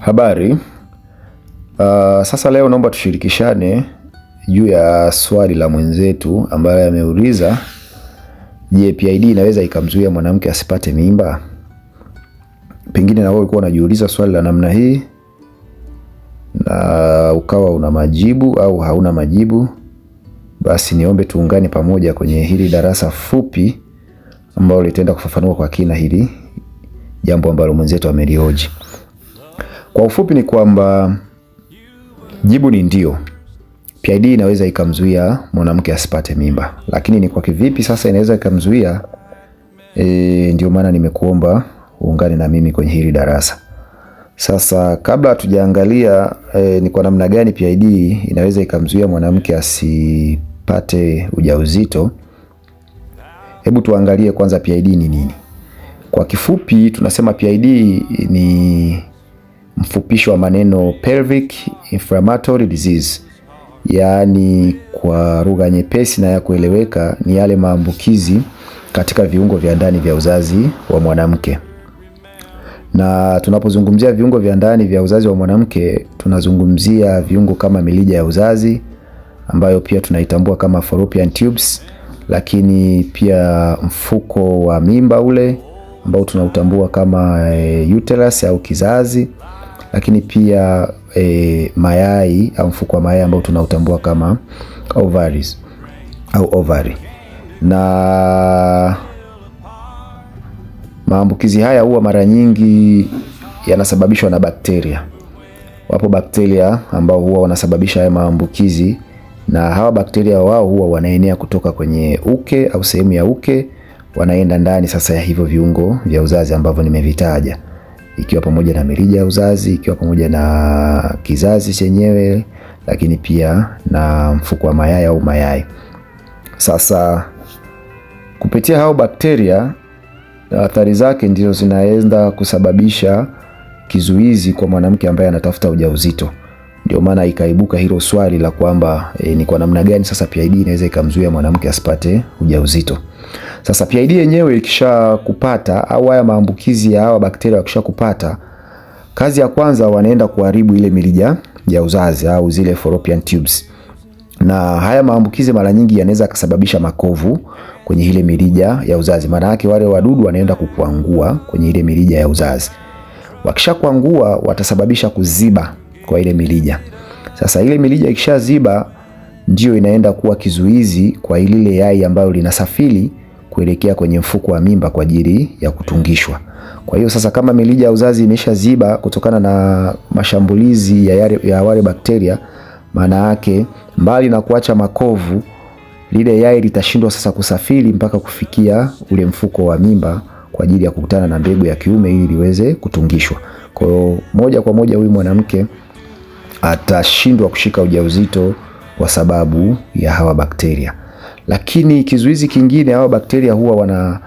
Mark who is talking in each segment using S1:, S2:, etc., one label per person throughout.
S1: Habari. Uh, sasa leo naomba tushirikishane juu ya swali la mwenzetu ambaye ameuliza, je, PID inaweza ikamzuia mwanamke asipate mimba? Pengine na wewe ulikuwa unajiuliza swali la namna hii na ukawa una majibu au hauna majibu, basi niombe tuungane pamoja kwenye hili darasa fupi ambalo litaenda kufafanua kwa kina hili jambo ambalo mwenzetu amelioji. Kwa ufupi ni kwamba jibu ni ndio. PID inaweza ikamzuia mwanamke asipate mimba, lakini ni kwa kivipi sasa inaweza ikamzuia? E, ndio maana nimekuomba uungane na mimi kwenye hili darasa. Sasa kabla hatujaangalia e, ni kwa namna gani PID inaweza ikamzuia mwanamke asipate ujauzito, hebu tuangalie kwanza PID ni nini. Kwa kifupi tunasema PID ni mfupisho wa maneno pelvic inflammatory disease, yaani kwa lugha nyepesi na ya kueleweka ni yale maambukizi katika viungo vya ndani vya uzazi wa mwanamke. Na tunapozungumzia viungo vya ndani vya uzazi wa mwanamke tunazungumzia viungo kama milija ya uzazi ambayo pia tunaitambua kama fallopian tubes, lakini pia mfuko wa mimba ule ambao tunautambua kama eh, uterus au kizazi lakini pia e, mayai au mfuko wa mayai ambao tunautambua kama ovaries au ovary. Na maambukizi haya huwa mara nyingi yanasababishwa na bakteria. Wapo bakteria ambao huwa wanasababisha haya maambukizi, na hawa bakteria wao huwa wanaenea kutoka kwenye uke au sehemu ya uke, wanaenda ndani sasa ya hivyo viungo vya uzazi ambavyo nimevitaja ikiwa pamoja na mirija ya uzazi, ikiwa pamoja na kizazi chenyewe, lakini pia na mfuko wa mayai au mayai. Sasa kupitia hao bakteria, athari zake ndizo zinaenda kusababisha kizuizi kwa mwanamke ambaye anatafuta ujauzito. Ndio maana ikaibuka hilo swali la kwamba e, ni kwa namna gani sasa PID inaweza ikamzuia mwanamke asipate ujauzito. Sasa PID yenyewe kupata au haya maambukizi ya hawa bakteria kupata, kazi ya kwanza wanaenda kuharibu ile mirija ya uzazi au zile fallopian tubes, na haya maambukizi mara nyingi yanaweza kusababisha makovu kwenye ile mirija ya uzazi. Maana yake wale wadudu wanaenda kukuangua kwenye ile mirija ya uzazi, wakishakuangua watasababisha kuziba kwa ile milija. Sasa ile milija ikishaziba ndio inaenda kuwa kizuizi kwa lile yai ambayo linasafiri kuelekea kwenye mfuko wa mimba kwa ajili ya kutungishwa. Kwa hiyo sasa, kama milija ya uzazi imeshaziba kutokana na mashambulizi ya, yare, ya wale bakteria, maana yake mbali na kuacha makovu, lile yai litashindwa sasa kusafiri mpaka kufikia ule mfuko wa mimba kwa ajili ya kukutana na mbegu ya kiume ili liweze kutungishwa. Kwa hiyo moja kwa moja huyu mwanamke atashindwa kushika ujauzito kwa sababu ya hawa bakteria. Lakini kizuizi kingine, hawa bakteria huwa wana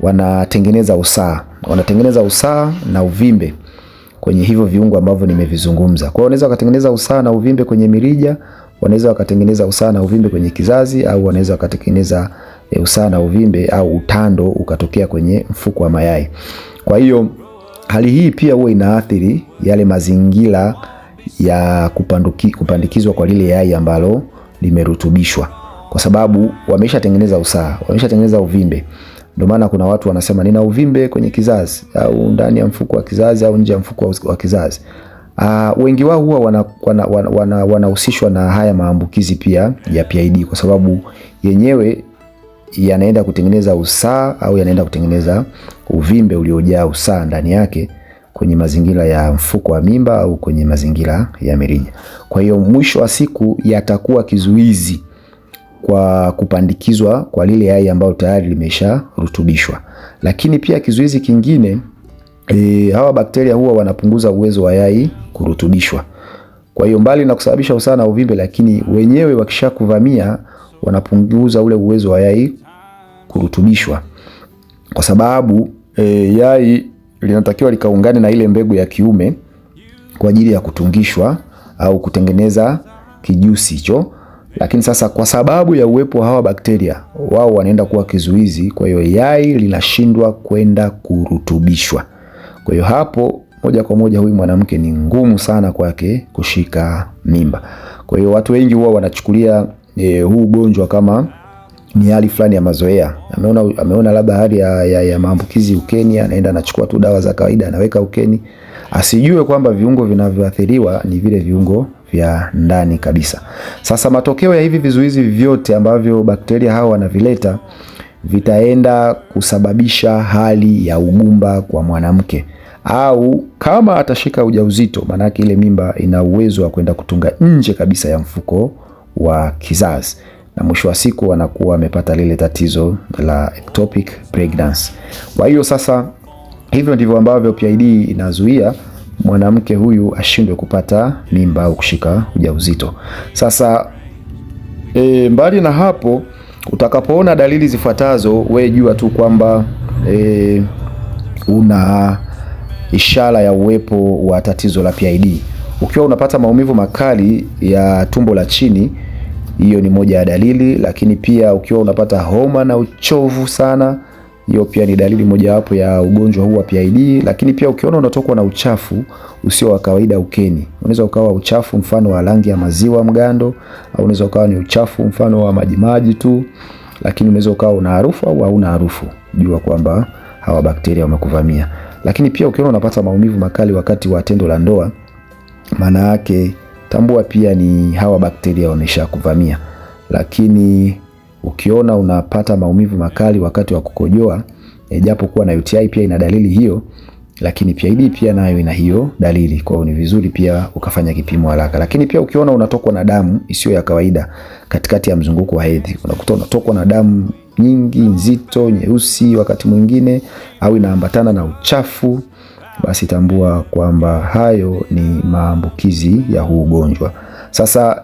S1: wanatengeneza usaa, wanatengeneza usaa na uvimbe kwenye hivyo viungo ambavyo nimevizungumza. Kwa hiyo wanaweza wakatengeneza usaa na uvimbe kwenye mirija, wanaweza wakatengeneza usaa na uvimbe kwenye kizazi, au wanaweza wakatengeneza eh, usaa na uvimbe au utando ukatokea kwenye mfuko wa mayai. Kwa hiyo hali hii pia huwa inaathiri yale mazingira ya kupanduki, kupandikizwa kwa lile yai ambalo limerutubishwa, kwa sababu wameshatengeneza usaha, wameshatengeneza uvimbe. Ndio maana kuna watu wanasema nina uvimbe kwenye kizazi au ndani ya mfuko wa kizazi au nje ya mfuko wa kizazi. Uh, wengi wao huwa wanahusishwa wana, wana, wana na haya maambukizi pia ya PID kwa sababu yenyewe yanaenda kutengeneza usaha au yanaenda kutengeneza uvimbe uliojaa usaha ndani yake kwenye mazingira ya mfuko wa mimba au kwenye mazingira ya mirija. Kwa hiyo mwisho wa siku yatakuwa kizuizi kwa kupandikizwa kwa lile yai ambayo tayari limesharutubishwa. Lakini pia kizuizi kingine e, hawa bakteria huwa wanapunguza uwezo wa yai kurutubishwa. Kwa hiyo mbali na kusababisha usana na uvimbe, lakini wenyewe wakishakuvamia wanapunguza ule uwezo wa yai kurutubishwa kwa sababu e, yai linatakiwa likaungane na ile mbegu ya kiume kwa ajili ya kutungishwa au kutengeneza kijusi hicho. Lakini sasa kwa sababu ya uwepo wa hawa bakteria, wao wanaenda kuwa kizuizi, kwa hiyo yai linashindwa kwenda kurutubishwa. Kwa hiyo hapo moja kwa moja huyu mwanamke ni ngumu sana kwake kushika mimba. Kwa hiyo watu wengi huwa wanachukulia e, huu ugonjwa kama ni hali fulani ya mazoea. Ameona, ameona labda hali ya, ya, ya maambukizi ukeni, anaenda anachukua tu dawa za kawaida anaweka ukeni, asijue kwamba viungo vinavyoathiriwa ni vile viungo vya ndani kabisa. Sasa matokeo ya hivi vizuizi vyote ambavyo bakteria hao wanavileta vitaenda kusababisha hali ya ugumba kwa mwanamke au kama atashika ujauzito, maanake ile mimba ina uwezo wa kwenda kutunga nje kabisa ya mfuko wa kizazi na mwisho wa siku anakuwa amepata lile tatizo la ectopic pregnancy. Kwa hiyo sasa, hivyo ndivyo ambavyo PID inazuia mwanamke huyu ashindwe kupata mimba au kushika ujauzito. Sasa e, mbali na hapo, utakapoona dalili zifuatazo, we jua tu kwamba e, una ishara ya uwepo wa tatizo la PID. Ukiwa unapata maumivu makali ya tumbo la chini hiyo ni moja ya dalili, lakini pia ukiwa unapata homa na uchovu sana, hiyo pia ni dalili mojawapo ya ugonjwa huu wa PID. Lakini pia ukiona unatokwa na uchafu usio wa kawaida ukeni, unaweza ukawa uchafu mfano wa rangi ya maziwa mgando, au unaweza ukawa ni uchafu mfano wa majimaji tu, lakini unaweza ukawa una harufu au hauna harufu, jua kwamba hawa bakteria wamekuvamia. Lakini pia ukiona unapata maumivu makali wakati wa tendo la ndoa, maana yake tambua pia ni hawa bakteria wameshakuvamia. Lakini ukiona unapata maumivu makali wakati wa kukojoa e, japo kuwa na UTI pia ina dalili hiyo, lakini PID pia nayo ina hiyo dalili. Kwa hiyo ni vizuri pia ukafanya kipimo haraka. Lakini pia ukiona unatokwa na damu isiyo ya kawaida katikati ya mzunguko wa hedhi, unakuta unatokwa na damu nyingi nzito, nyeusi, wakati mwingine au inaambatana na uchafu basi tambua kwamba hayo ni maambukizi ya huu ugonjwa. Sasa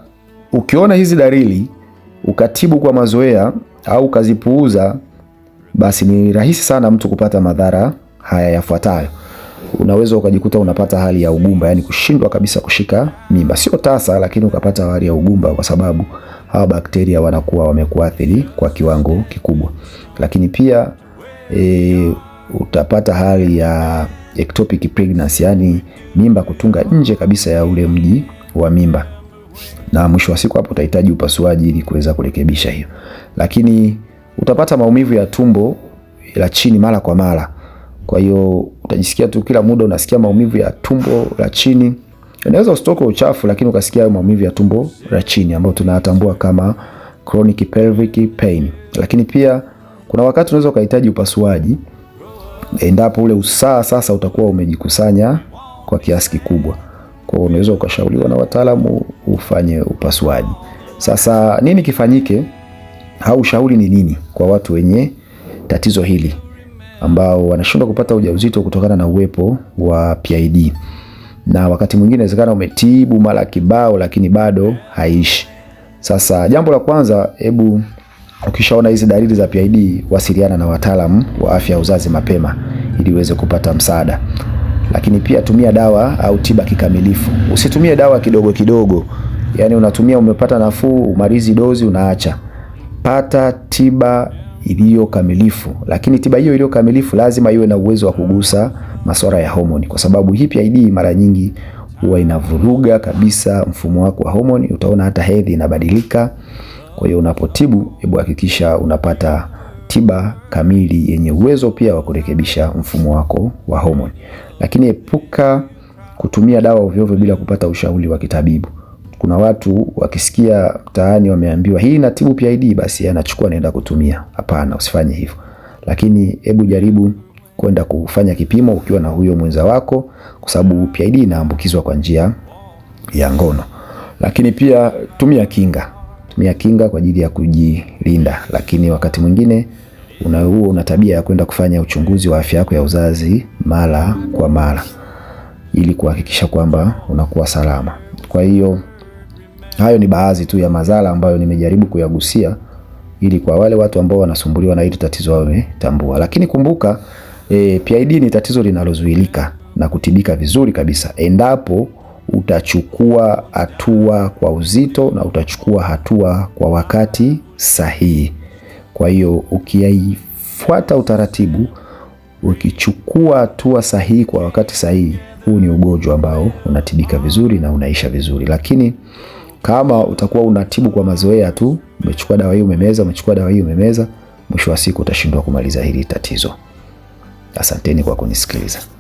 S1: ukiona hizi dalili ukatibu kwa mazoea au ukazipuuza, basi ni rahisi sana mtu kupata madhara haya yafuatayo. Unaweza ukajikuta unapata hali ya ugumba, yani kushindwa kabisa kushika mimba, sio tasa, lakini ukapata hali ya ugumba kwa sababu hawa bakteria wanakuwa wamekuathiri kwa kiwango kikubwa. Lakini pia e, utapata hali ya ectopic pregnancy, yani mimba kutunga nje kabisa ya ule mji wa mimba, na mwisho wa siku hapo utahitaji upasuaji ili kuweza kurekebisha hiyo. Lakini utapata maumivu ya tumbo la chini mara kwa mara, kwa hiyo utajisikia tu kila muda unasikia maumivu ya tumbo la chini. Unaweza usitoke uchafu, lakini ukasikia maumivu ya tumbo la chini ambayo tunatambua kama chronic pelvic pain. Lakini pia kuna wakati unaweza ukahitaji upasuaji endapo ule usaa sasa utakuwa umejikusanya kwa kiasi kikubwa. Kwa hiyo unaweza ukashauriwa na wataalamu ufanye upasuaji. Sasa nini kifanyike au ushauri ni nini kwa watu wenye tatizo hili ambao wanashindwa kupata ujauzito kutokana na uwepo wa PID? Na wakati mwingine inawezekana umetibu mara kibao, lakini bado haishi. Sasa jambo la kwanza, hebu Ukishaona hizi dalili za PID, wasiliana na wataalamu wa afya ya uzazi mapema ili uweze kupata msaada. Lakini pia tumia dawa au tiba kikamilifu. Usitumie dawa kidogo kidogo, yaani unatumia umepata nafuu, umalizi dozi unaacha. Pata tiba iliyo kamilifu, lakini tiba hiyo iliyo kamilifu lazima iwe na uwezo wa kugusa masuala ya homoni, kwa sababu hii PID mara nyingi huwa inavuruga kabisa mfumo wako wa homoni. Utaona hata hedhi inabadilika. Kwa hiyo unapotibu, hebu hakikisha unapata tiba kamili yenye uwezo pia wa kurekebisha mfumo wako wa homoni. Lakini epuka kutumia dawa ovyo bila kupata ushauri wa kitabibu. Kuna watu wakisikia mtaani wameambiwa hii inatibu PID, basi anachukua anaenda kutumia. Hapana, usifanye hivyo. Lakini hebu jaribu kwenda kufanya kipimo ukiwa na huyo mwenza wako, kwa sababu PID inaambukizwa kwa njia ya ngono. Lakini pia tumia kinga tumia kinga kwa ajili ya kujilinda, lakini wakati mwingine huo una tabia ya kwenda kufanya uchunguzi wa afya yako ya uzazi mara kwa mara ili kuhakikisha kwamba unakuwa salama. Kwa hiyo hayo ni baadhi tu ya madhara ambayo nimejaribu kuyagusia ili kwa wale watu ambao wanasumbuliwa na hili tatizo wametambua. Lakini kumbuka e, eh, PID ni tatizo linalozuilika na kutibika vizuri kabisa endapo utachukua hatua kwa uzito na utachukua hatua kwa wakati sahihi. Kwa hiyo ukiifuata utaratibu, ukichukua hatua sahihi kwa wakati sahihi, huu ni ugonjwa ambao unatibika vizuri na unaisha vizuri. Lakini kama utakuwa unatibu kwa mazoea tu, umechukua dawa hii umemeza, umechukua dawa hii umemeza, mwisho wa siku utashindwa kumaliza hili tatizo. Asanteni kwa kunisikiliza.